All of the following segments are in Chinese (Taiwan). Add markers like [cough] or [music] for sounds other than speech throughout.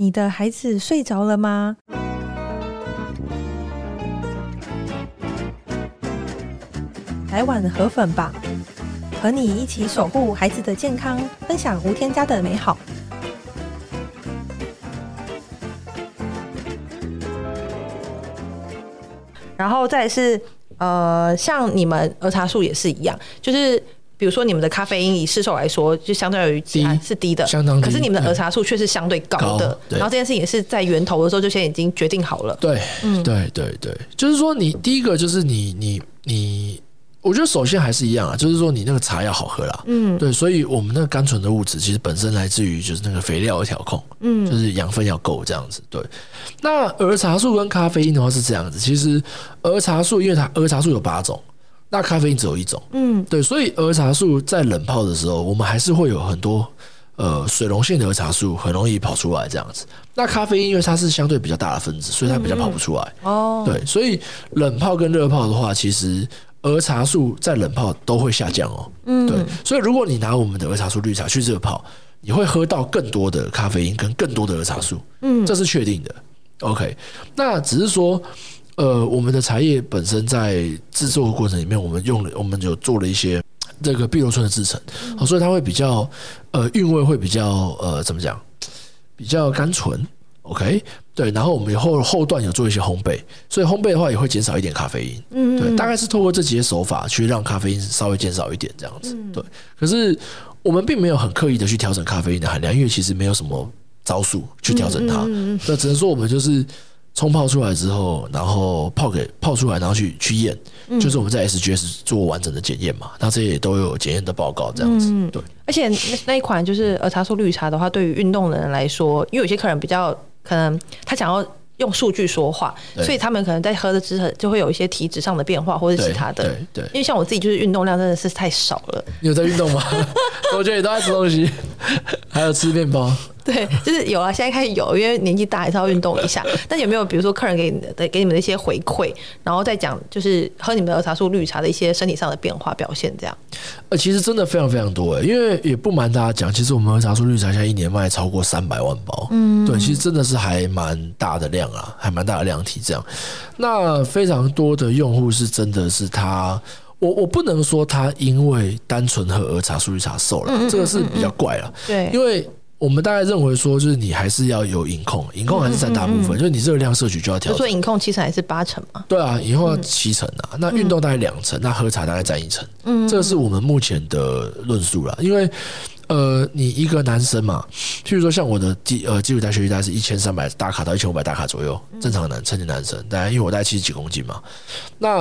你的孩子睡着了嗎？來碗河粉吧，和你一起守護孩子的健康，分享無添加的美好。然後再是，呃，像你們兒茶素也是一樣，就是。比如說，你們的咖啡因以市售來說，就相對於低是低的，相當低，可是你們的兒茶素卻是相對高的。嗯，高，對。然後這件事情也是在源頭的時候就先已經決定好了。對，嗯，對對對,對，就是說你，你第一個就是你你你，我覺得首先還是一樣啊，就是說你那個茶要好喝啦。嗯，對，所以我們那個甘醇的物質其實本身來自於就是那個肥料的調控，嗯，就是養分要夠這樣子。對，那兒茶素跟咖啡因的話是這樣子，其實兒茶素因為它兒茶素有八種。那咖啡因只有一種，嗯，對，所以兒茶素在冷泡的時候，我們還是會有很多呃水溶性的兒茶素很容易跑出來這樣子。那咖啡因因為它是相對比較大的分子，所以它比較跑不出來。哦、嗯嗯，對，所以冷泡跟熱泡的話，其實兒茶素在冷泡都會下降哦、喔。嗯，對，所以如果你拿我們的兒茶素綠茶去熱泡，你會喝到更多的咖啡因跟更多的兒茶素，嗯，這是確定的。OK，那只是說。呃，我們的茶葉本身在製作過程裡面，我們用了我們有做了一些這個碧螺春的製程、嗯，所以它會比較呃韻味會比較呃怎麼講，比較甘醇。OK，對。然後我們以後後段有做一些烘焙，所以烘焙的話也會減少一點咖啡因。嗯，對。大概是透過這些手法去讓咖啡因稍微減少一點這樣子。對、嗯。可是我們並沒有很刻意的去調整咖啡因的含量，因為其實沒有什麼招數去調整它。那、嗯、只能說我們就是。沖泡出來之後，然後泡給泡出來，然後去去驗，就是我們在 SGS 做完整的檢驗嘛。它、嗯、這些也都有檢驗的報告，這樣子、嗯。對。而且那，那一款就是呃，兒茶素綠茶的話，對於運動的人來說，因為有些客人比較可能他想要用數據說話，所以他們可能在喝的之後就會有一些體質上的變化，或者其他的對對。對。因為像我自己就是運動量真的是太少了。你有在運動嗎？ [laughs] 我覺得你都在吃東西，還有吃面包。對，就是有啊，現在開始有，因為年紀大還是要運動一下。 [laughs] 但有沒有比如說客人給你的給你們的一些回饋，然後再講就是喝你們的兒茶素綠茶的一些身體上的變化表現這樣？呃，其實真的非常非常多哎，因為也不瞞大家講，其實我們兒茶素綠茶現在一年賣超過三百萬包，嗯，嗯，對，其實真的是還蠻大的量啊，還蠻大的量體這樣。那非常多的用戶是真的是他，我我不能說他因為單純喝兒茶素綠茶瘦了、嗯嗯嗯嗯，這個是比較怪了，對，因為。我們大概認為說，就是你還是要有飲控，飲控還是占大部分，嗯嗯嗯，就是你熱量攝取就要調。我、就是、說飲控七成還是八成嘛？對啊，飲控七成啊，嗯、那運動大概兩成，那喝茶大概占一成嗯嗯嗯，這是我們目前的論述了。因為呃，你一個男生嘛，譬如說像我的基呃基礎代謝大概是一千三百大卡到一千五百大卡左右，正常的男成年男生，大概因為我大概七十幾公斤嘛。那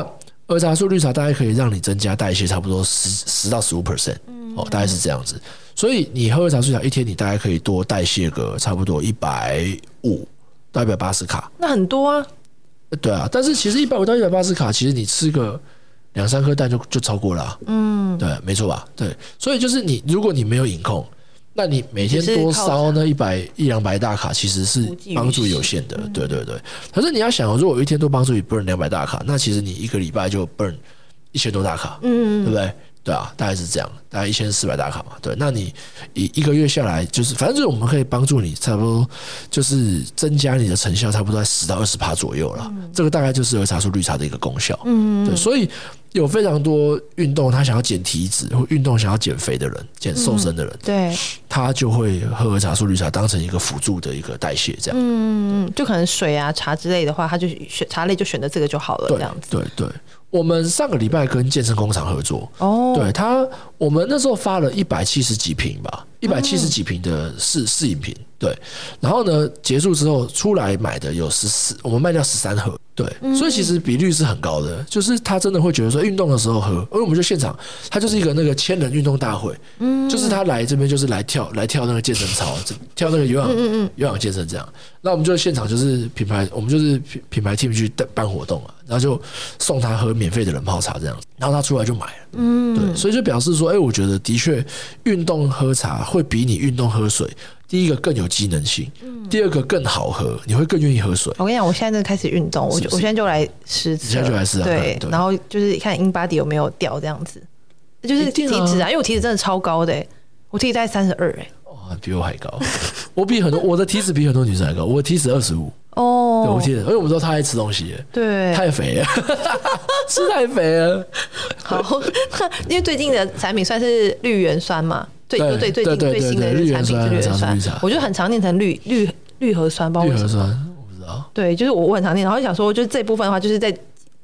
兒茶素綠茶，大概可以讓你增加代謝差不多十十到十五 percent，哦，大概是這樣子。嗯嗯所以你喝綠茶是講一天，你大概可以多代謝個差不多一百五到一百八十卡，那很多啊。對啊，但是其實一百五到一百八十卡，其實你吃個兩三顆蛋就就超過了，啊。嗯，對，啊，沒錯吧？對，所以就是你，如果你沒有飲控，那你每天多燒那一百一兩百大卡，其實是幫助有限的。對對對。可是你要想，如果我一天多幫助你 burn 兩百大卡，那其實你一個禮拜就 burn 一千多大卡，嗯，對不對？對啊，大概是這樣，大概一千四百大卡嘛。對，那你一一個月下來，就是反正就是我們可以幫助你，差不多就是增加你的成效，差不多在十到二十趴左右了、嗯。這個大概就是兒茶素綠茶的一個功效。嗯，對，所以。有非常多運動，他想要減體脂或運動想要減肥的人，減瘦身的人，嗯，對，他就會喝茶、樹綠茶當成一個輔助的一個代謝，這樣，嗯嗯，就可能水啊茶之類的話，他就選茶類就選擇這個就好了，這樣子。對對，對，我們上個禮拜跟健身工廠合作，哦，對他，我們那時候發了一百七十幾瓶吧，一百七十幾瓶的試試飲瓶，對，然後呢結束之後出來買的有十四，我們賣掉十三盒。對，所以其實比率是很高的，就是他真的會覺得說、欸、運動的時候喝，而我們就現場，他就是一個那個千人運動大會，就是他來這邊就是來跳來跳那個健身操，跳那個有氧有氧健身這樣，那我們就現場就是品牌，我們就是品牌 team 去辦活動、啊、然後就送他喝免費的冷泡茶這樣子，然後他出來就買，嗯，對，所以就表示說，哎、欸，我覺得的確運動喝茶會比你運動喝水。第一個更有機能性，嗯、第二個更好喝，你會更願意喝水。我跟你講，我現在開始運動，是，是我就我現在就來試現在就來試啊對呵呵。對，然後就是看 InBody 有沒有掉這樣子，就是體脂啊，啊，因為我體脂真的超高的，我體脂在三十二。誒哇，比我還高，我比很多，我的體脂比很多女生還高，我的體脂二十五哦，我體脂，因為我知道他愛吃東西，對，太肥了， [laughs] 吃太肥了。好，因為最近的產品算是綠原酸嘛。最新的產品，對對，對對對對，綠原酸，綠原酸綠，我就很常念成綠綠綠核酸，包括綠原酸，我不知道，對，就是我我很常念，然後就想說，就是這部分的話，就是在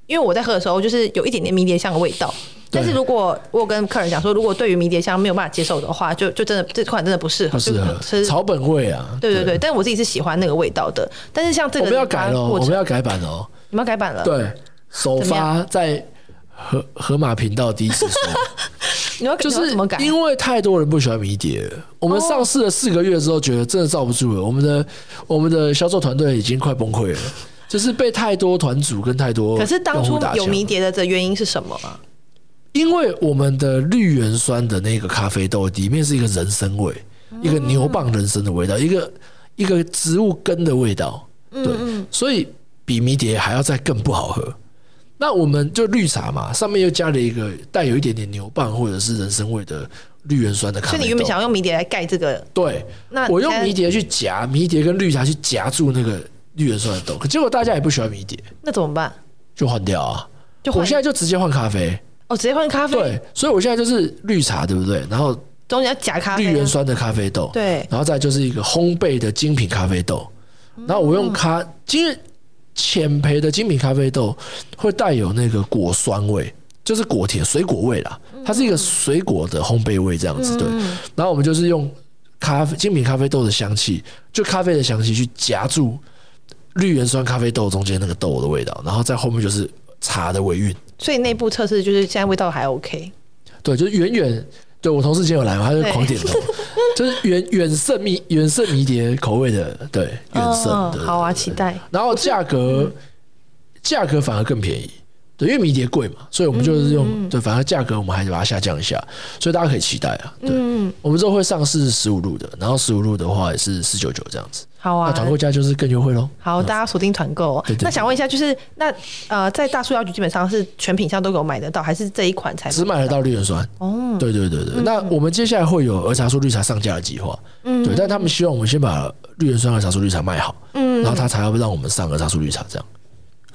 因為我在喝的時候，就是有一點點迷迭香的味道，但是如果我有跟客人講說，如果對於迷迭香沒有辦法接受的話，就就真的這款真的不適合，不適草本味啊，對對對，但是我自己是喜歡那個味道的，但是像這個我們要改版哦，我們要改版哦，你們要改版了，對，首發在河河馬頻道第一次說。 [laughs] 你要給你麼就是因為太多人不喜歡迷迭，我們上市了四個月之後，覺得真的罩不住了。我們的我們的銷售團隊已經快崩潰了，就是被太多團組跟太多。可是當初有迷迭的這原因是什麼啊？因為我們的綠原酸的那個咖啡豆裡面是一個人參味，一個牛蒡人參的味道，一個一個植物根的味道，對，所以比迷迭還要再更不好喝。那我們就綠茶嘛，上面又加了一個帶有一點點牛蒡或者是人參味的綠原酸的咖啡豆。所以你原本想要用迷迭來蓋這個，對，那我用迷迭去夾迷迭跟綠茶去夾住那個綠原酸的豆，可結果大家也不喜歡迷迭，那怎麼辦？就換掉啊！就我現在就直接換咖啡哦，直接換咖啡。對，所以我現在就是綠茶，對不對？然後中間要夾咖啡綠原酸的咖啡豆，啡對，然後再就是一個烘焙的精品咖啡豆。然後我用咖，因、嗯淺焙的精品咖啡豆會帶有那個果酸味，就是果甜水果味啦，它是一個水果的烘焙味這樣子。對，然後我們就是用咖啡精品咖啡豆的香氣，就咖啡的香氣去夾住綠原酸咖啡豆中間那個豆的味道，然後在後面就是茶的尾韻。所以內部測試就是現在味道還 OK。對，就是遠遠。對，我同事之前有來嘛，他就狂點頭， [laughs] 就是綠原酸迷綠原酸迷迭口味的，對，綠原酸的 oh, oh, 對對，好啊，期待。然後價格價格反而更便宜。對，因為迷迭貴嘛，所以我們就是用、嗯、對，反正價格我們還是把它下降一下、嗯，所以大家可以期待啊。對，嗯、我們之後會上市十五路的，然後十五路的話也是四九九這樣子。好啊，那團購價就是更優惠咯。好，大家鎖定團購。對對對，那想問一下，就是那呃，在大樹藥局基本上是全品項都給我買得到，還是這一款才買只買得到綠原酸？哦，對對對對、嗯。那我們接下來會有兒茶素綠茶上架的計劃。嗯，對，但他們希望我們先把綠原酸兒茶素綠茶賣好，嗯，然後他才會讓我們上兒茶素綠茶這樣。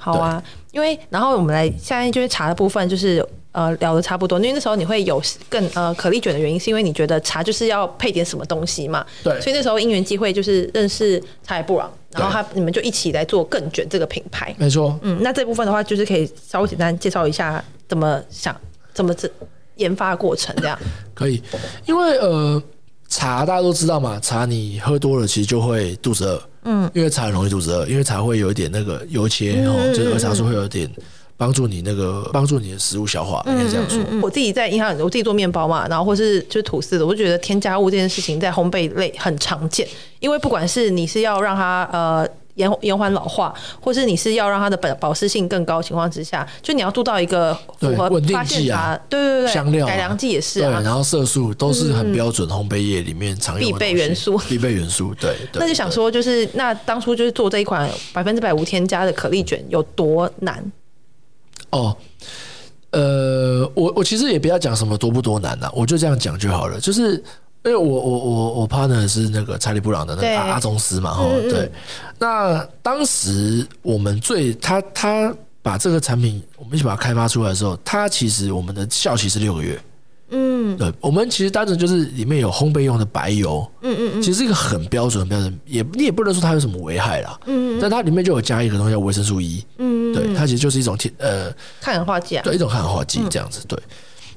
好啊，因為然後我們來現在就是茶的部分，就是、嗯、呃聊的差不多。因為那時候你會有更呃可麗捲的原因，是因為你覺得茶就是要配點什麼東西嘛？對。所以那時候因緣際會就是認識查理布朗，然後他你們就一起來做更卷這個品牌。沒錯，嗯，那這部分的話，就是可以稍微簡單介紹一下怎麼想、怎麼這研發過程這樣。可以，因為呃茶大家都知道嘛，茶你喝多了其實就會肚子餓。嗯，因為茶很容易肚子餓，因為茶會有一點那個油切哦，就是兒茶素會有一點幫助你那個幫助你的食物消化，可以這樣說。嗯嗯嗯嗯嗯、我自己在銀行，我自己做麵包嘛，然後或是就是吐司的，我就覺得添加物這件事情在烘焙類很常見，因為不管是你是要讓它呃。延延緩老化，或是你是要讓它的本保濕性更高的情況之下，就你要做到一個符合穩定劑啊，啊，對對對，香料、啊、改良劑也是啊，對，然後色素都是很標準，烘焙業裡面常有的、嗯、必備元素， [laughs] 必備元素對，對。那就想說，就是那當初就是做這一款百分之百無添加的可麗捲有多難、嗯？哦，呃，我我其實也不要講什麼多不多難吶、啊，我就這樣講就好了，就是。因為我我我我 partner，是那個查理布朗的那個阿阿宗斯嘛哈、嗯嗯，對，那當時我們最他他把這個產品我們一起把它開發出來的時候，它其實我們的效期是六個月，嗯，對，我們其實單純就是裡面有烘焙用的白油，嗯嗯嗯，其實是一個很標準的很標準的，也你也不能說它有什麼危害啦，嗯嗯，但它裡面就有加一個東西叫維生素 E，嗯，嗯嗯，對，它其實就是一種鐵呃抗氧化劑啊，對，一種抗氧化劑這樣子，嗯、對。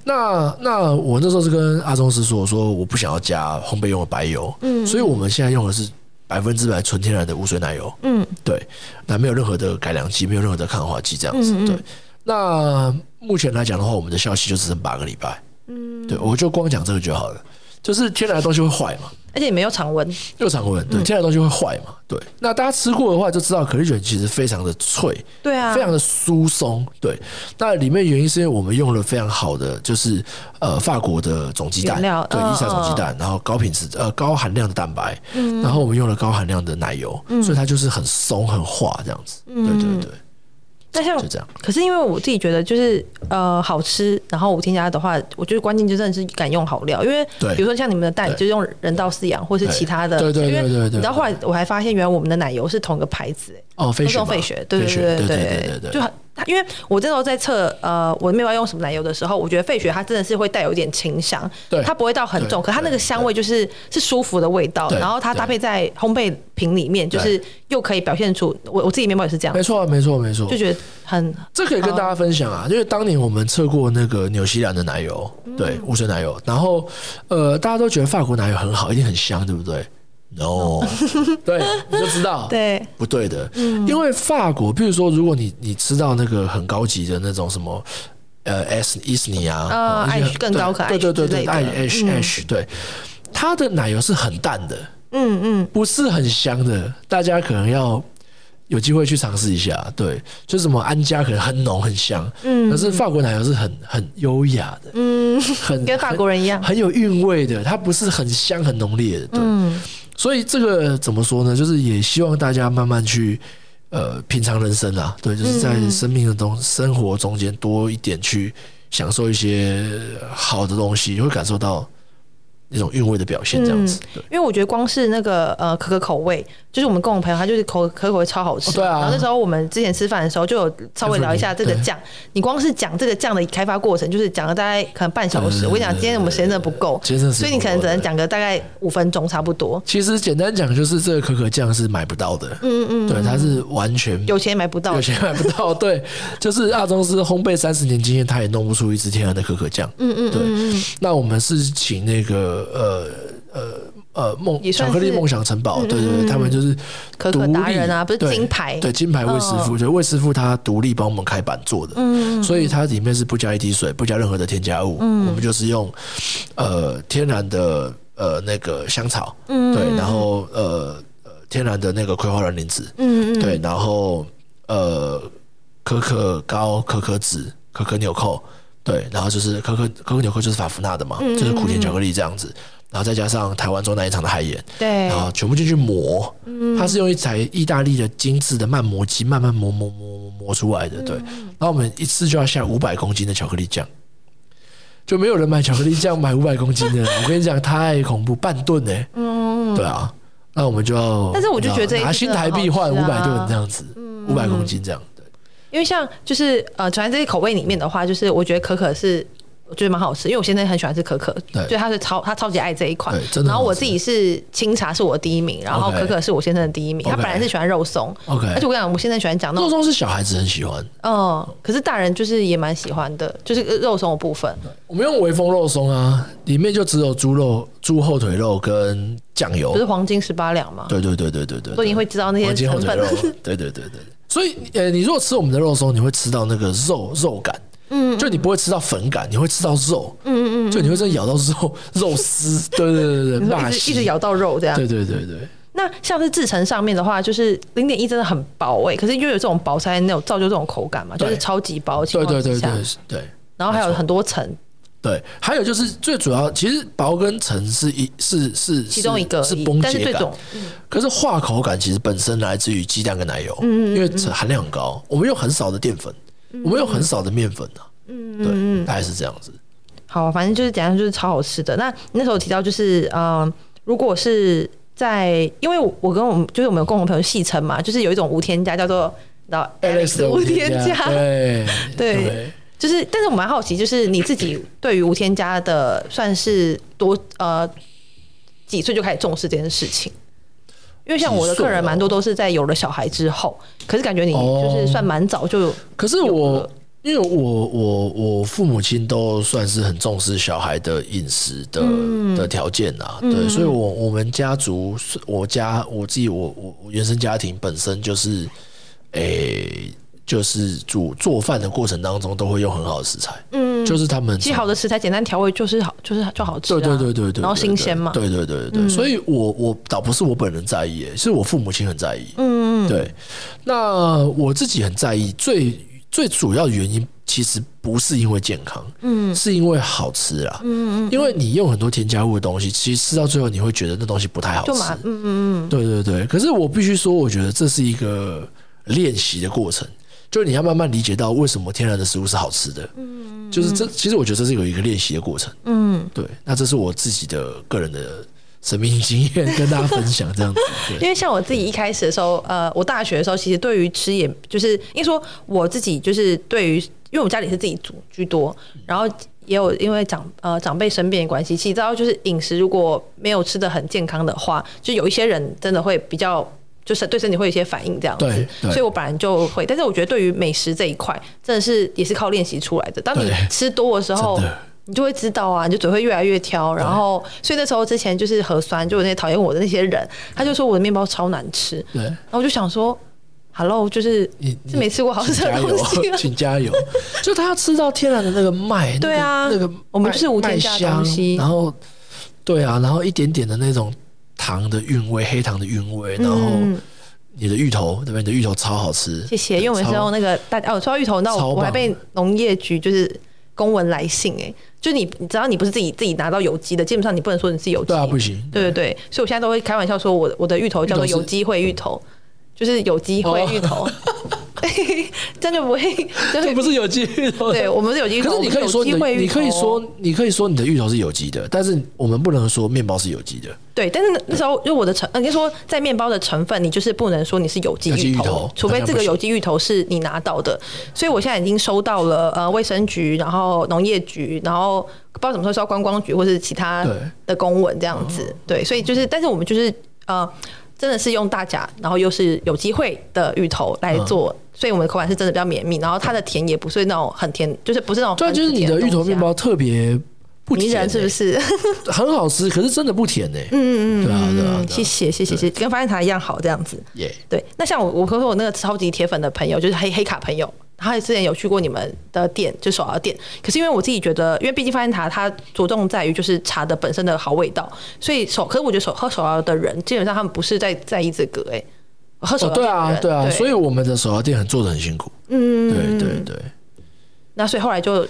那那我那時候是跟阿忠師說，我說我不想要加烘焙用的白油，嗯，所以我們現在用的是百分之百純天然的無水奶油，嗯，對，那沒有任何的改良劑，沒有任何的抗氧化劑這樣子，嗯嗯，對。那目前來講的話，我們的效期就只剩八個禮拜，嗯，對，我就光講這個就好了，就是天然的東西會壞嘛。而且也沒有常溫，又常溫，對，天然東西會壞嘛、嗯，對，那大家吃過的話就知道，可麗卷其實非常的脆，對啊，非常的酥鬆，對。那裡面原因是因為我們用了非常好的，就是呃法國的種雞蛋，對，伊莎種雞蛋、哦，然後高品質呃高含量的蛋白、嗯，然後我們用了高含量的奶油，所以它就是很鬆很化這樣子，嗯、對對對。那像，可是因為我自己覺得就是呃好吃，然後無添加的話，我覺得關鍵就真的是敢用好料，因為比如說像你們的蛋，就是、用人道飼養或是其他的，對對對對。然後後來我還發現，原來我們的奶油是同一個牌子，哦，菲種費雪，對對對對對對，對，對，對對對對對，就很。因為我這時候在測呃我的麵包用什麼奶油的時候，我覺得費雪它真的是會帶有一點清香，對，它不會到很重，可它那個香味就是是舒服的味道，然後它搭配在烘焙品裡面，就是又可以表現出我我自己麵包也是這樣，沒錯沒錯沒錯，就覺得很、啊、覺得很這可以跟大家分享啊，啊因為當年我們測過那個紐西蘭的奶油，嗯、對，無水奶油，然後呃大家都覺得法國奶油很好，一定很香，對不對？哦、no, [laughs] 對，你就知道，對，不對的。嗯、因為法國，比如說，如果你你吃到那個很高級的那種什麼，呃，S 伊士尼啊，啊、嗯，H, 嗯、H, 更高卡，對對對對，愛愛愛，對，它的奶油是很淡的，嗯嗯，不是很香的，大家可能要有機會去嘗試一下，對，就什麼安佳，可能很濃很香，嗯，可是法國奶油是很很優雅的，嗯，很跟法國人一樣，很，很有韻味的，它不是很香很濃烈的，對嗯。所以這個怎麼說呢？就是也希望大家慢慢去，呃，品嘗人生啊，對，就是在生命的中、嗯、生活中間多一點去享受一些好的東西，你會感受到。一種韻味的表現，這樣子、嗯對，因為我覺得光是那個呃可可口味，就是我們跟我朋友他就是口可可口味超好吃。哦、對、啊、然後那時候我們之前吃飯的時候就有稍微聊一下這個醬，你光是講這個醬的開發過程，就是講了大概可能半小時。對對對對，我跟你講，今天我們時間真的不夠，所以你可能只能講個大概五分鐘差不多。其實簡單講就是這個可可醬是買不到的，嗯嗯，嗯嗯，對，它是完全有錢買不到，有錢買不到，不到 [laughs] 對，就是阿中師烘焙三十年經驗，他也弄不出一支天然的可可醬。嗯嗯、嗯、嗯嗯，對，那我們是請那個。呃呃呃夢巧克力夢想城堡，嗯嗯對對，對他們就是可可達人啊，不是金牌，對，對金牌魏師傅，哦、就魏師傅他獨立幫我們開板做的，嗯，嗯，所以它裡面是不加一滴水，不加任何的添加物，嗯、我們就是用呃天然的呃那個香草，嗯，嗯，對，然後呃天然的那個葵花卵磷脂，嗯，嗯，對，然後呃可可膏、可可脂、可可紐扣。對，然後就是可可可可紐扣就是法芙娜的嘛，嗯嗯嗯就是苦甜巧克力這樣子，然後再加上臺灣中南一場的海鹽，對，然後全部進去磨，嗯嗯，它是用一台意大利的精致的慢磨機慢慢磨，磨磨磨磨出來的。對，然後我們一次就要下五百公斤的巧克力醬，就沒有人買巧克力醬買五百公斤的， [laughs] 我跟你講太恐怖，半噸呢。嗯，對啊，那我們就要，但是我就覺得這拿新台幣換五百噸這樣子，五、嗯、百公斤這樣。因為像就是呃，全這些口味裡面的話，就是我覺得可可是我覺得蠻好吃，因為我先生很喜歡吃可可，對，所以他是超他超級愛這一款，真的。然後我自己是清茶是我的第一名，然後可可是我先生的第一名。Okay，他本來是喜歡肉鬆，OK, okay。而且我跟你講，我先生喜歡講那肉鬆是小孩子很喜歡，哦、嗯，可是大人就是也蠻喜歡的，就是肉鬆的部分。我們用微風肉鬆啊，裡面就只有豬肉、豬後腿肉跟醬油，就是黃金十八兩嘛。對對對對對對，所以你會知道那些成分。對對對對。 [laughs] 所以，呃，你如果吃我們的肉鬆，你會吃到那個肉肉感，嗯、嗯，就你不會吃到粉感，你會吃到肉，嗯嗯嗯，就你會這樣咬到肉肉絲，對對對對，一直一直咬到肉這樣，對對對對。那像是製程上面的話，就是零點一真的很薄誒，可是又有這種薄，才那種造就這種口感嘛，就是超級薄，對對對對對，然後還有很多層。對，還有就是最主要，其實薄跟層是一是是，是其中一個，是崩解感，但是這種、嗯。可是化口感其實本身來自於雞蛋跟奶油，嗯，嗯，嗯，因為含量很高，我們用很少的澱粉嗯嗯，我們用很少的麵粉啊，嗯，嗯，嗯，對，大概是這樣子。好，反正就是怎樣，就是超好吃的。那那時候提到就是，嗯，如果是在，因為我跟我們就是我們有共同朋友戲稱嘛，就是有一種無添加叫做 Alex 無添加，對對。對就是，但是我蠻好奇，就是你自己對於無添加的，算是多呃幾歲就開始重視這件事情？因為像我的客人蠻多都是在有了小孩之後，可是感覺你就是算蠻早就有。可是我，因為我我我父母親都算是很重視小孩的飲食的、嗯、的條件啊，對，嗯、所以我我們家族，我家我自己我我原生家庭本身就是誒。欸就是煮、做飯的過程當中，都會用很好的食材，嗯，就是他們。既好的食材，簡單調味，就是好，就是就好吃啊。對對對對對。然後新鮮嘛。對對對對對。嗯。所以我，我我倒不是我本人在意，是我父母親很在意。嗯嗯。對。那、呃、我自己很在意，最最主要的原因其實不是因為健康，嗯，是因為好吃啊。嗯嗯。因為你用很多添加物的東西，其實吃到最後，你會覺得那東西不太好吃。就嗯嗯嗯。對對對。可是我必須說，我覺得這是一個練習的過程。就是你要慢慢理解到為什麼天然的食物是好吃的，嗯，就是這其實我覺得這是有一個練習的過程，嗯，對。那這是我自己的個人的生命經驗，嗯，跟大家分享這樣子。因為像我自己一開始的時候，呃，我大學的時候其實對於吃，也就是因為說我自己就是對於，因為我家裡是自己煮居多，然後也有因為長呃長輩生病的關係，其實知道就是飲食如果沒有吃得很健康的話，就有一些人真的會比較。就是對身體會有一些反應這樣子對對，所以我本來就會，但是我覺得對於美食這一塊，真的是也是靠練習出來的。當你吃多的時候的，你就會知道啊，你就嘴會越來越挑。然後，所以那時候之前就是河酸，就有那些討厭我的那些人，他就說我的麵包超難吃。對，然後我就想說，Hello，就是你是沒吃過好吃的東西請，請加油。 [laughs] 就他要吃到天然的那個麥、 [laughs] 那個，對啊，那個我們就是無添加的東西。然後，對啊，然後一點點的那種。糖的韻味，黑糖的韻味，然後你的芋頭，嗯、對吧？對？你的芋頭超好吃，謝謝。因為我們那個大家、嗯、哦，我說到芋頭，那我我還被農業局就是公文來信哎、欸，就你，只要你不是自己自己拿到有機的，基本上你不能說你是有機，對啊，不行，對對對。所以我現在都會開玩笑說我，我我的芋頭叫做有機會芋頭，芋頭是就是有機會芋頭。哦 [laughs] 真 [laughs] 的就不會， [laughs] 不是有機芋頭的對。對，我們是有機，可是你可以說你，你可以說你可以說你的芋頭是有機的，但是我們不能說麵包是有機的。對，但是那時候因為我的成，呃，你說在麵包的成分，你就是不能說你是有機芋、芋頭，除非這個有機芋頭是你拿到的。所以我現在已經收到了呃衛生局，然後農業局，然後不知道什麼時候收到觀光局或是其他的公文這樣子。對，對所以就是、嗯，但是我們就是呃。真的是用大甲，然後又是有機會的芋頭來做，嗯、所以我們的口感是真的比較綿密，然後它的甜也不是那種很甜，就是不是那種、啊。對，就是你的芋頭麵包特別不甜、欸，迷人是不是？ [laughs] 很好吃，可是真的不甜呢、欸。嗯嗯嗯，對啊,對啊,對,啊對啊，謝謝謝謝謝，跟發現茶一樣好這樣子。耶、yeah.，對，那像我，我和我那個超級鐵粉的朋友，就是黑黑卡朋友。他也之前有去過你們的店，就手搖店。可是因為我自己覺得，因為畢竟發現茶，它着重在於就是茶的本身的好味道。所以手，可是我覺得手喝手搖的人基本上他們不是在在意這個哎，喝手的人、哦、對啊，對啊對。所以我們的手搖店很做得很辛苦。嗯嗯，對對對。那所以後來就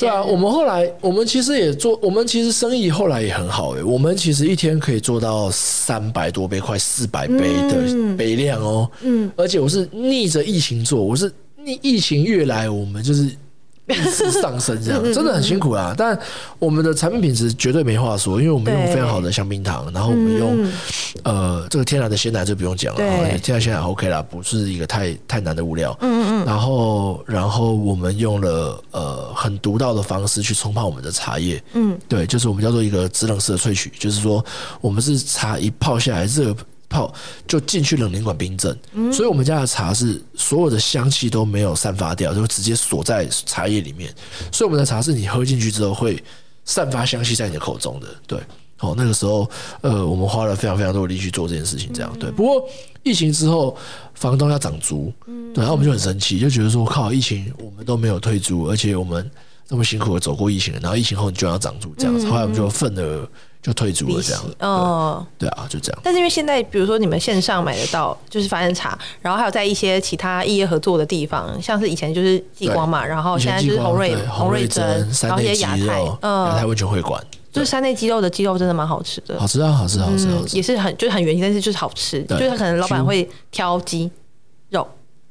對啊，我們後來我們其實也做，我們其實生意後來也很好哎、欸。我們其實一天可以做到三百多杯，快四百杯的杯量哦、喔嗯。嗯，而且我是逆着疫情做，我是。你疫情越來，我們就是上升這樣，真的很辛苦啊。但我們的產品品質絕對沒話說，因為我們用非常好的香檳糖，然後我們用呃這個天然的鮮奶就不用講了，天然鮮奶 OK 啦，不是一個太太難的物料。嗯嗯。然後，然後我們用了呃很獨到的方式去沖泡我們的茶葉。嗯，對，就是我們叫做一個制冷式的萃取，就是說我們是茶一泡下來熱。泡就進去冷凝管冰鎮，所以我們家的茶是所有的香氣都沒有散發掉，就直接鎖在茶葉裡面。所以我們的茶是你喝進去之後會散發香氣在你的口中的。對，好，那個時候呃，我們花了非常非常多力去做這件事情，這樣對。不過疫情之後，房東要漲租，對，然後我們就很生氣，就覺得說靠，疫情我們都沒有退租，而且我們那麼辛苦的走過疫情，然後疫情後你就要漲租，這樣子，後來我們就憤而。就退出了這樣子，哦、呃，對啊，就這樣。但是因為現在，比如說你們線上買得到，就是發現茶，然後還有在一些其他異業合作的地方，像是以前就是紀光嘛，然後現在就是紅瑞紅瑞珍，然後一些亞太，嗯，亞太溫泉會館，就是山內雞肉的雞肉真的蠻好吃的，嗯、好吃、啊、好吃好吃、嗯、好吃，也是很就是很原，但是就是好吃，就是可能老闆會挑雞肉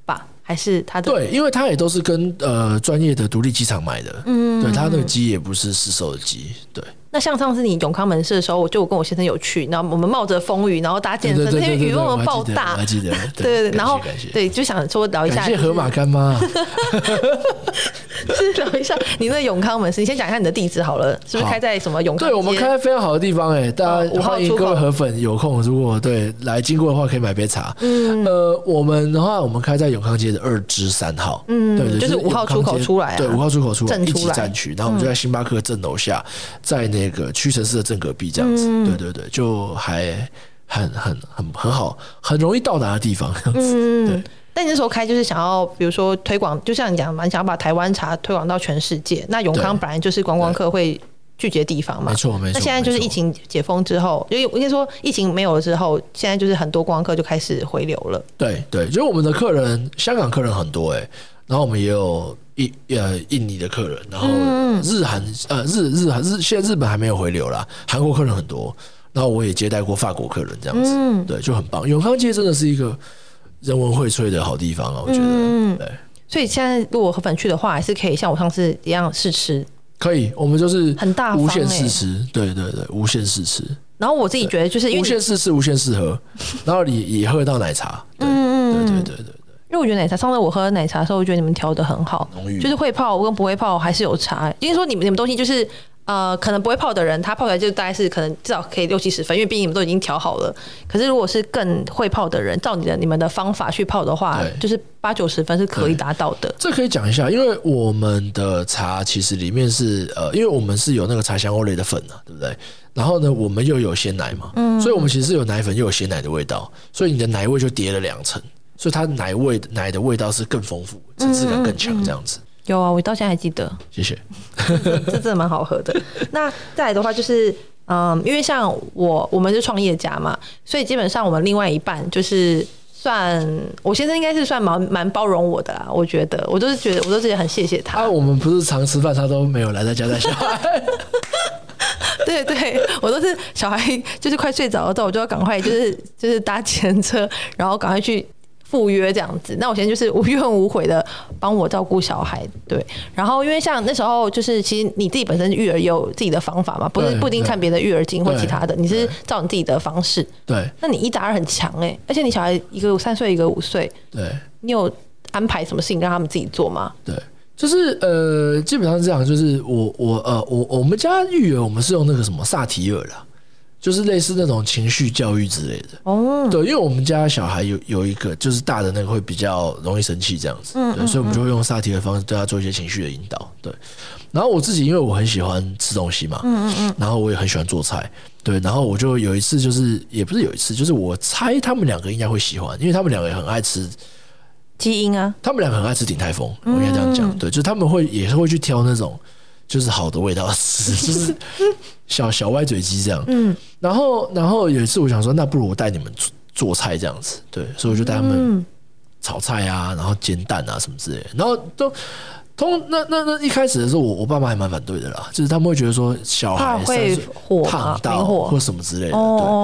吧，還是他的對，因為他也都是跟呃專業的獨立雞場買的，嗯，對嗯他那個雞也不是市售的雞，對。那像上次你永康門市的時候，我就我跟我先生有去，然後我們冒着風雨，然後搭建，那天雨那麼爆大，對對對、對、對、對、 [laughs] 對、對、對，然後對就想說聊一下，謝河馬乾媽。 [laughs] [laughs] 是聊一下你的永康門，市你先講一下你的地址好了好，是不是開在什麼永康？對，我們開在非常好的地方誒、欸。大家五號各位河粉有空如果對來經過的話，可以買杯茶。嗯呃，我們的話，我們開在永康街的二至三號。嗯，對，對，對，就是，就是五號出口出來，啊，對，五號出口出，口出來，一起站來。然後我們就在星巴克正樓下，在那個屈臣氏的正隔壁這樣子，嗯。對對對，就還很很很很好，很容易到達的地方這樣子。嗯嗯嗯。對。那你那時候開就是想要，比如說推廣，就像你講嘛，想要把台灣茶推廣到全世界。那永康本來就是觀光客會聚集的地方嘛，沒錯沒錯。那現在就是疫情解封之後，因為應該說疫情沒有了之後，現在就是很多觀光客就開始回流了。對對，就是我們的客人，香港客人很多哎、欸，然後我們也有印呃印尼的客人，然後日韓、嗯、呃日日韓日，現在日本還沒有回流啦，韓國客人很多，然後我也接待過法國客人這樣子，嗯、對，就很棒。永康街真的是一個。人文薈萃的好地方啊，我覺得、嗯。對，所以現在如果河粉去的話，還是可以像我上次一樣試吃。可以，我們就是很大方，無限試吃，對對對，無限試吃。然後我自己覺得，就是因為無限試吃，無限試喝，然後你也喝到奶茶。對，嗯嗯嗯嗯，因為我覺得奶茶，上次我喝奶茶的時候，我覺得你們調得很好，濃郁，就是會泡跟不會泡還是有差。因為、就是、說你們你們東西就是。呃，可能不會泡的人，他泡出來就大概是可能至少可以六七十分，因為畢竟你們都已經調好了。可是如果是更會泡的人，照你的你們的方法去泡的話，就是八九十分是可以達到的。這可以講一下，因為我們的茶其實裡面是呃，因為我們是有那個茶香歐蕾的粉啊，對不對？然後呢，我們又有鮮奶嘛，嗯，所以我們其實是有奶粉又有鮮奶的味道，所以你的奶味就疊了兩層，所以它奶味奶的味道是更豐富，層次感更強，這樣子。嗯嗯有啊，我到現在還記得。謝謝這，這真的蠻好喝的。 [laughs] 那再來的話就是，嗯，因為像我，我們是創業家嘛，所以基本上我們另外一半就是算我先生，應該是算蠻蠻包容我的啦。我覺得，我都是覺得，我都是很謝謝他。啊，我們不是常吃飯，他都沒有來在家帶小孩。 [laughs] [laughs] 對,對對，我都是小孩，就是快睡着了之後，我就要趕快就是就是搭前車，然後趕快去。赴約這樣子，那我現在就是無怨無悔的幫我照顧小孩，對。然後因為像那時候就是，其實你自己本身育兒也有自己的方法嘛，不是不一定看別的育兒經或其他的，你是照你自己的方式。對。對，那你一打二很強哎，欸，而且你小孩一個三歲一個五歲，對。你有安排什麼事情讓他們自己做嗎？對，就是呃，基本上是這樣，就是我我呃我我們家育兒我們是用那個什麼薩提爾，的。就是類似那種情緒教育之類的哦、oh，對，因為我們家小孩有有一個，就是大的那個會比較容易生氣這樣子、嗯嗯嗯對，所以我們就會用薩提的方式對他做一些情緒的引導，對。然後我自己因為我很喜歡吃東西嘛，嗯，嗯然後我也很喜歡做菜，對。然後我就有一次，就是也不是有一次，就是我猜他們兩個應該會喜歡，因為他們兩個也很愛吃基因啊，他們兩個很愛吃鼎泰豐，我應該這樣講、嗯嗯，對，就他們會也是會去挑那種。就是好的味道，是就是小小歪嘴雞這樣。 [laughs] 嗯，然後然後有一次我想說，那不如我帶你們做做菜這樣子，對，所以我就帶他們炒菜啊，嗯、然後煎蛋啊什麼之類的，然後都通。那那那一開始的時候我，我我爸媽還蠻反對的啦，就是他們會覺得說小孩會火、啊、燙到或什麼之類的。對，哦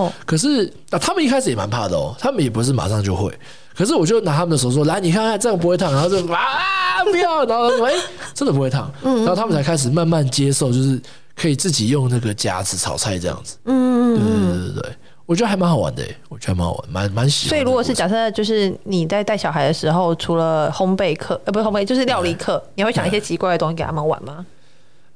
哦可是啊，他們一開始也蠻怕的哦，他們也不是馬上就會。可是我就拿他們的手說，來你看看這樣不會燙，然後就啊不要，然後說哎、欸、真的不會燙，然後他們才開始慢慢接受，就是可以自己用那個夾子炒菜這樣子。嗯，對對對對，我覺得還蠻好玩的、欸，我覺得蠻好玩，蠻蠻喜歡。所以如果是假設就是你在帶小孩的時候，除了烘焙課，呃，不是烘焙就是料理課、嗯，你會想一些奇怪的東西給他們玩嗎？嗯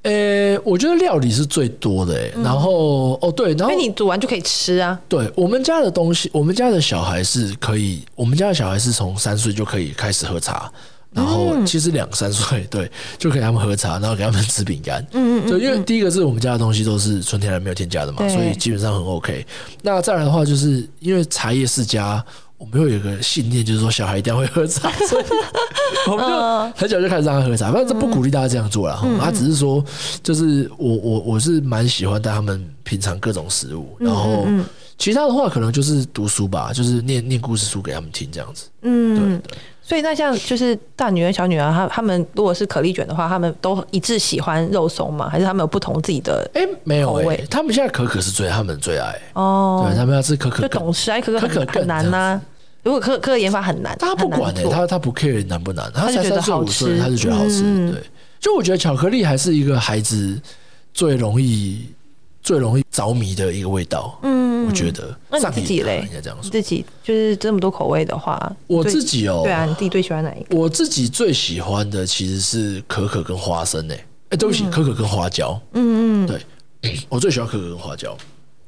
呃、欸，我覺得料理是最多的誒、欸、嗯，然後哦對，然後你煮完就可以吃啊。對，我們家的東西，我們家的小孩是可以，我們家的小孩是從三歲就可以開始喝茶，嗯、然後其實兩三歲對，就可以他們喝茶，然後給他們吃餅乾。嗯嗯，嗯，對，因為第一個是我們家的東西都是純天然沒有添加的嘛，所以基本上很 OK。那再來的話，就是因為茶葉世家。我們有，有一個信念，就是說小孩一定要會喝茶，我們就很小就開始讓他喝茶。反正不鼓勵大家這樣做了，我、嗯、他只是說，就是我我我是蠻喜歡帶他們品嘗各種食物，然後其他的話可能就是讀書吧，就是念念故事書給他們聽這樣子。嗯。對對所以那像就是大女兒、小女兒，她她們如果是可麗捲的話，她們都一致喜歡肉鬆嘛？還是她們有不同自己的？哎、欸，沒有哎、欸，她們現在可可是最她們最愛哦。對，她們要吃可可，就懂事可可很可可很難啊。如果可可研發很難，她不管的、欸，她她不 care 難不難，她才三四五歲就覺得好吃，覺得好吃、嗯。對，就我覺得巧克力還是一個孩子最容易最容易着迷的一個味道。嗯。覺、嗯、得，那你自己嘞？你自己就是這麼多口味的話，我自己哦，對啊，你自己最喜歡哪一個？我自己最喜歡的其實是可可跟花生誒、欸，哎、欸，對不起、嗯，可可跟花椒，嗯嗯，嗯，對嗯，我最喜歡可可跟花椒，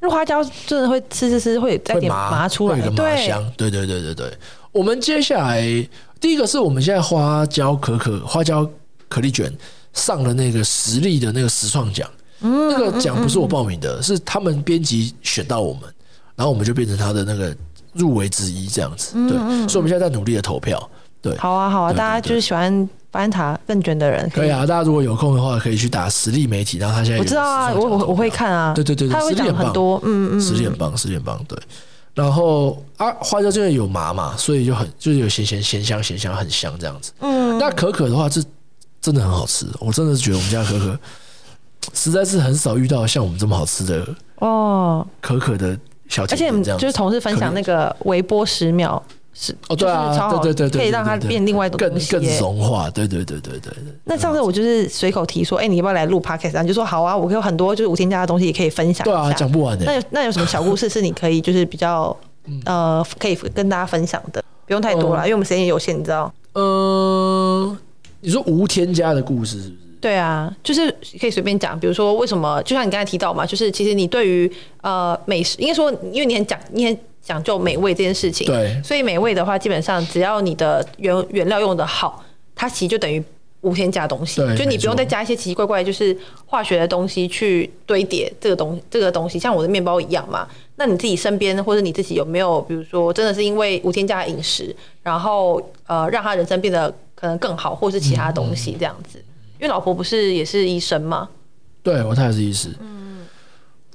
因為花椒真的會吃吃吃會帶點麻出來，會麻，會麻香對，對對對對對。我們接下來第一個是我們現在花椒可可花椒可麗卷上了那個食力的那個食創獎。嗯、那個獎不是我報名的，嗯嗯、是他們編輯選到我們，然後我們就變成他的那個入圍之一這樣子。嗯、對、嗯，所以我們現在在努力的投票。對，好啊，好啊，對對對，大家就是喜歡班塔更捲的人。可以啊，大家如果有空的話，可以去打食力媒體。然後他現在我知道啊，我我會看啊。對對對，對，他會看很多。嗯嗯，實力很棒，實力很棒、嗯實力很棒嗯。對。然後啊，花椒就是有麻嘛，所以就很就是有鹹鹹鹹香鹹香，鹹香很香這樣子。嗯。那可可的話是真的很好吃，我真的是覺得我們家可可。 [laughs] 實在是很少遇到像我們這麼好吃的哦，可可的小，而且你們就是同事分享那個微波十秒，是哦，對啊，超好，對對對、對，可以讓它變另外一種，欸、更更融化，對對對對對、對，那上次我就是隨口提說，哎，欸，你要不要來錄 Podcast？啊、你就說好啊，我有很多就是無添加的東西也可以分享，對啊，講不完的、欸。那有那有什麼小故事是你可以就是比較 [laughs] 呃可以跟大家分享的？不用太多啦，嗯、因為我們時間也有限，你知道嗯？嗯，你說無添加的故事是不是？對啊，就是可以隨便講，比如說為什麼，就像你剛才提到嘛，就是其實你對於呃美食，應該說因為你很講，你很講究美味這件事情，對，所以美味的話，基本上只要你的原原料用的好，它其實就等於無添加東西，就你不用再加一些奇奇怪怪的就是化學的東西去堆疊這個東西這個東西，像我的麵包一樣嘛。那你自己身邊或者你自己有沒有，比如說真的是因為無添加飲食，然後呃讓他人生變得可能更好，或是其他東西這樣子？嗯嗯因為老婆不是也是醫生嗎？對，我太太是醫師。嗯，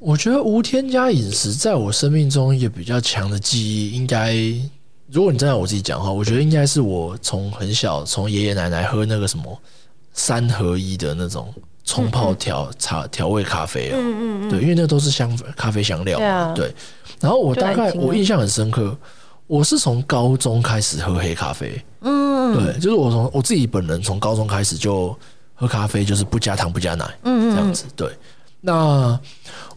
我覺得無添加飲食在我生命中也比較強的記憶應該。應該如果你這樣我自己講的話，我覺得應該是我從很小，從爺爺奶奶喝那個什麼三合一的那種沖泡調茶調味咖啡啊。嗯嗯，嗯對，因為那都是香咖啡香料。對、啊、對然後我大概我印象很深刻，我是從高中開始喝黑咖啡。嗯嗯。對，就是我從我自己本人從高中開始就。喝咖啡就是不加糖不加奶，嗯，這樣子嗯嗯對。那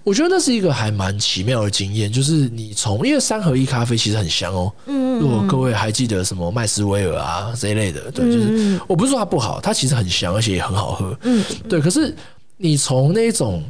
我覺得那是一個還蠻奇妙的經驗，就是你從因為三合一咖啡其實很香哦，嗯、嗯，如果各位還記得什麼麥斯威爾啊這一類的，對，就是嗯嗯，我不是說它不好，它其實很香而且也很好喝，嗯、嗯，對。可是你從那一種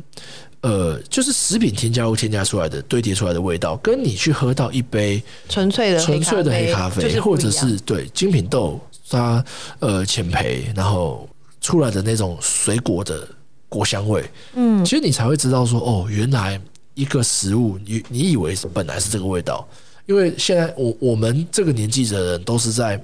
呃，就是食品添加物添加出來的堆疊出來的味道，跟你去喝到一杯純粹的純粹的黑咖啡，咖啡就是、或者是對精品豆它呃淺焙然後，出來的那種水果的果香味，嗯，其實你才會知道說，哦，原來一個食物你，你你以為是本來是這個味道，因為現在我我們這個年紀的人都是在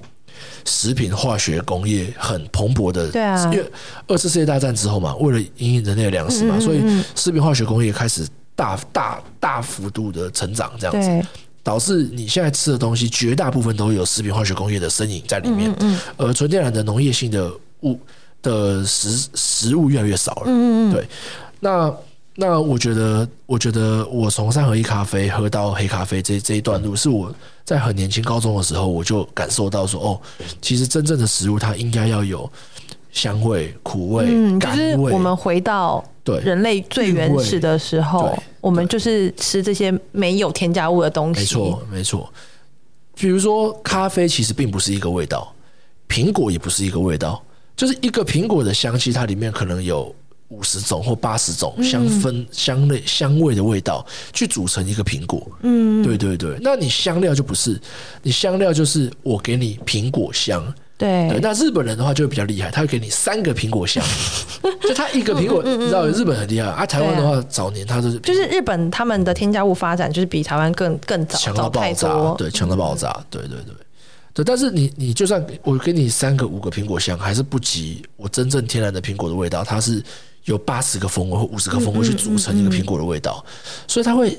食品化學工業很蓬勃的，對、嗯、啊，因為二次世界大戰之後嘛，為了供應人類的糧食嘛、嗯嗯嗯，所以食品化學工業開始大大大幅度的成長，這樣子，導致你現在吃的東西絕大部分都有食品化學工業的身影在裡面，嗯嗯，呃，純天然的農業性的物。的食食物越來越少了，嗯嗯對，那那我覺得，我覺得我從三合一咖啡喝到黑咖啡這這一段路，是我在很年輕高中的時候，我就感受到說，哦，其實真正的食物它應該要有香味、苦味，嗯，甘味，就是我們回到對人類最原始的時候，我們就是吃這些沒有添加物的東西，沒錯，沒錯。比如說咖啡其實並不是一個味道，蘋果也不是一個味道。.就是一個蘋果的香氣，它裡面可能有五十種或八十種香氛、香、嗯、類、香味的味道，去組成一個蘋果。嗯，對對對。那你香料就不是，你香料就是我給你蘋果香。對。對，那日本人的話就會比較厲害，他會給你三個蘋果香，就他一個蘋果。你知道為日本很厲害 [laughs] 啊，台灣的話早年他是就是日本他們的添加物發展就是比台灣更更早，強到爆炸，對，強到爆炸。對對對。但是你，你就算我給你三個、五個蘋果香，還是不及我真正天然的蘋果的味道。它是有八十個風味或五十個風味去組成一個蘋果的味道，嗯嗯嗯嗯，所以它會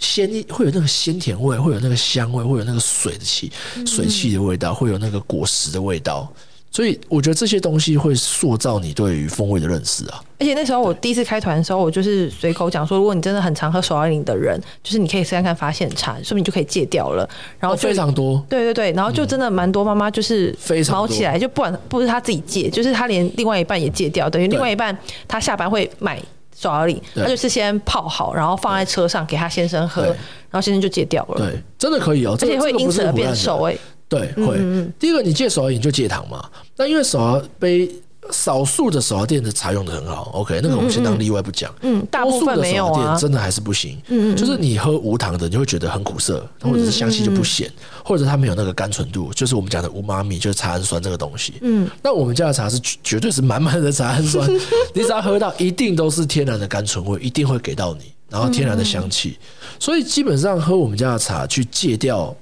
鮮，會有那個鮮甜味，會有那個香味，會有那個水的氣、水氣的味道，會有那個果實的味道。所以我覺得這些東西會塑造你對於風味的認識啊。而且那時候我第一次開團的時候，我就是隨口講說，如果你真的很常喝手搖飲的人，就是你可以試看看發現茶，說明你就可以戒掉了。然後、啊、非常多，對對對，然後就真的蠻多媽媽、嗯、就是，毛起來就不管不是她自己戒，就是她連另外一半也戒掉，等於另外一半她下班會買手搖飲，她就是先泡好，然後放在車上給她先生喝，然後先生就戒掉了。對，真的可以哦，這個、而且會因此而變瘦哎、欸。對，會。嗯、第一個，你戒手搖飲就戒糖嘛。那、嗯、因為手搖杯少數的手搖店的茶用的很好，OK，那個我們先當例外不講。嗯，部分的手搖店真的還是不行。嗯嗯、大部分沒有啊。就是你喝無糖的，你會覺得很苦澀、嗯，或者是香氣就不顯、嗯，或者它沒有那個甘醇度、嗯，就是我們講的無媽咪，就是茶氨酸這個東西。嗯，那我們家的茶是絕對是滿滿的茶氨酸， [laughs] 你只要喝到，一定都是天然的甘醇味， [laughs] 一定會給到你，然後天然的香氣、嗯。所以基本上喝我們家的茶去戒掉。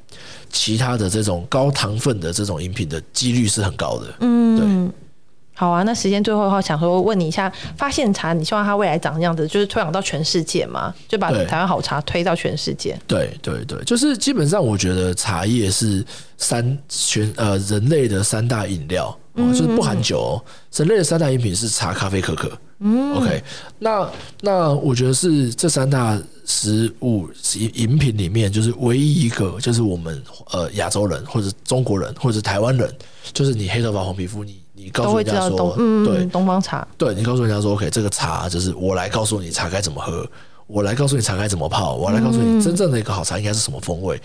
其他的這種高糖分的這種飲品的幾率是很高的。嗯，對，好啊。那時間最後的話，想說我問你一下，發現茶，你希望它未來長這樣子，就是推廣到全世界嗎？就把台灣好茶推到全世界。對對對，對，就是基本上我覺得茶葉是三全呃人類的三大飲料哦，就是不含酒哦，嗯。人類的三大飲品是茶、咖啡、可可。Okay, 嗯，OK，那那我覺得是這三大食物飲飲品裡面，就是唯一一個，就是我們呃亞洲人或者中國人或者台灣人，就是你黑頭髮黃皮膚，你你告訴人家說、嗯，對，東方茶，對你告訴人家說，OK，這個茶就是我來告訴你茶該怎麼喝，我來告訴你茶該怎麼泡，我來告訴你真正的一個好茶應該是什麼風味、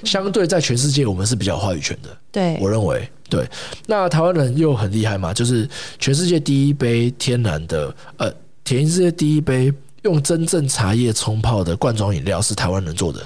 嗯。相對在全世界，我們是比較有話語權的，對，我認為。對，那台灣人又很厲害嘛，就是全世界第一杯天然的，呃，甜飲世界第一杯用真正茶葉沖泡的罐裝飲料是台灣人做的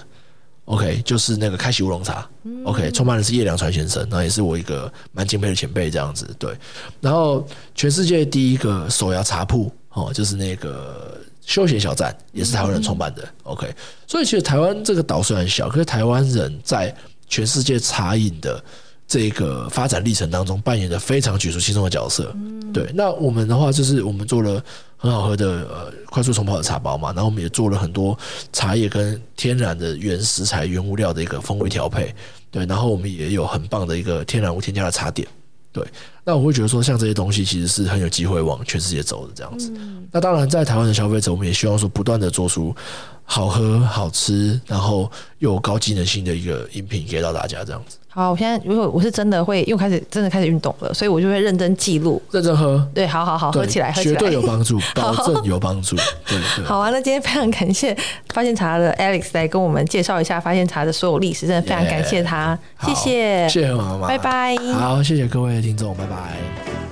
，OK，就是那個開喜烏龍茶，OK，創辦人是葉良川先生，那、嗯、也是我一個蠻敬佩的前輩這樣子，對，然後全世界第一個手搖茶鋪哦，就是那個休閒小站，也是台灣人創辦的，OK，所以其實台灣這個島雖然小，可是台灣人在全世界茶飲的。這個發展歷程當中扮演的非常舉足輕重的角色，對。那我們的話就是我們做了很好喝的呃快速沖泡的茶包嘛，然後我們也做了很多茶葉跟天然的原食材、原物料的一個風味調配，對。然後我們也有很棒的一個天然無添加的茶點，對。那我會覺得說，像這些東西其實是很有機會往全世界走的這樣子。那當然在台灣的消費者，我們也希望說不斷的做出好喝、好吃，然後又有高機能性的一個飲品給到大家這樣子。好啊，我現在如果我是真的會又開始真的開始運動了，所以我就會認真記錄，認真喝。對，好好好，喝起來，喝起來，絕對有幫助，保證有幫助，好。對對對。好啊，那今天非常感謝發現茶的 Alex 來跟我們介紹一下發現茶的所有歷史，真的非常感謝他，yeah, 謝謝，謝謝媽媽，拜拜。好，謝謝各位聽眾，拜拜。